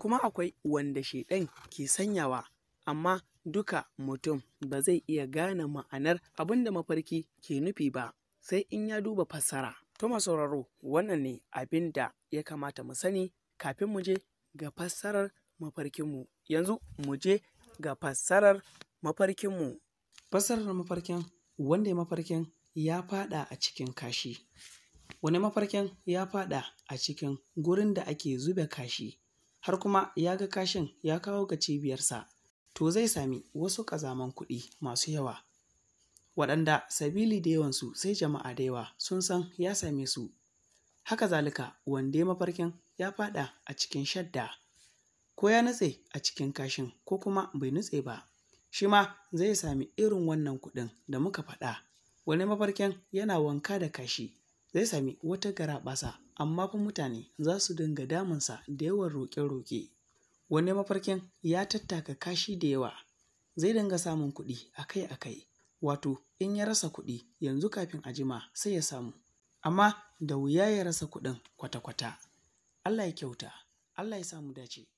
kuma akwai wanda shaiɗan ke sanyawa amma duka mutum ba zai iya gane ma'anar abin da mafarki ke nufi ba sai in ya duba fassara. to sauraro wannan ne abin da ya kamata mu sani kafin mu je ga fassarar mafarkinmu. Yanzu mu je ga fassarar mafarkinmu. Fassarar mafarkin wanda ya mafarkin ya fada a cikin kashi. Wani mafarkin ya fada a cikin gurin da ake zube kashi. har kuma ya ga kashin ya kawo ga cibiyarsa, to zai sami wasu kazaman kuɗi masu yawa. Waɗanda sabili da yawansu sai jama'a da yawa sun san ya same su. Haka zalika wanda mafarkin ya faɗa a cikin shadda, ko ya nutse a cikin kashin ko kuma bai nutse ba, shi ma zai sami irin wannan kuɗin da muka faɗa. Wani mafarkin yana wanka da kashi, zai sami wata garaɓasa amma fa mutane za su dinga damunsa da yawan roƙe-roƙe wani mafarkin ya tattaka kashi da yawa zai dinga samun kuɗi akai-akai wato in ya rasa kuɗi yanzu kafin a jima sai ya samu amma da wuya ya rasa kuɗin kwata-kwata Allah ya kyauta Allah ya samu dace